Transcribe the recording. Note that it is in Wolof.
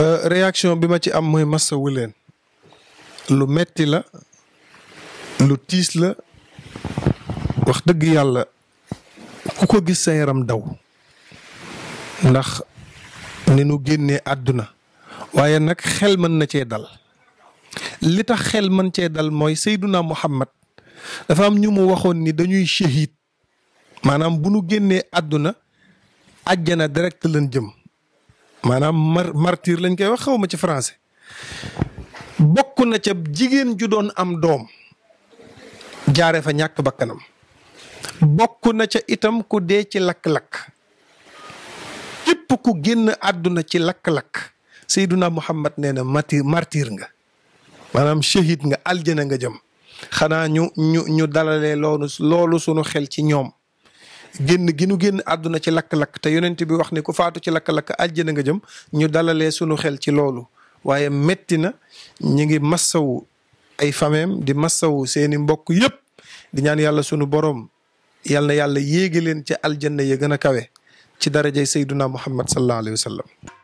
Euh, réaction bi ma ci am mooy masawu leen lu metti la lu tiis la wax dëgg yàlla ku ko gis sa yaram daw ndax ni nu génnee àdduna waaye nag xel mën na cee dal li tax xel mën cee dal mooy Seyduna Muhammad dafa am ñu mu waxoon ni dañuy shahid maanaam bu nu génnee àdduna àjjana direct lan jëm maanaam martiir lañ koy wax xaw ma ci français bokk na ca jigéen ju doon am doom jaare fa ñàkk bakkanam bokk na ca itam ku dee ci lakk-lakk képp ku génn àdduna ci lakk-lakk Seyduna Muhammad nee na martyr martyr nga maanaam shahid nga aljana nga jëm xanaa ñu ñu ñu dalale loolu loolu sunu xel ci ñoom génn gi nu génn àdduna ci lakk-lakk te yonent bi wax ni ku faatu ci lakk-lakk àjjana nga jëm ñu dalalee sunu xel ci loolu waaye metti na ñu ngi massawu ay fameem di massawu seeni mbokk yëpp di ñaan yàlla sunu borom yàlla yàlla yéegi leen ci aljanna ya gën a kawe ci darajay sayduna muhammad sallallahu alayhi wa sallam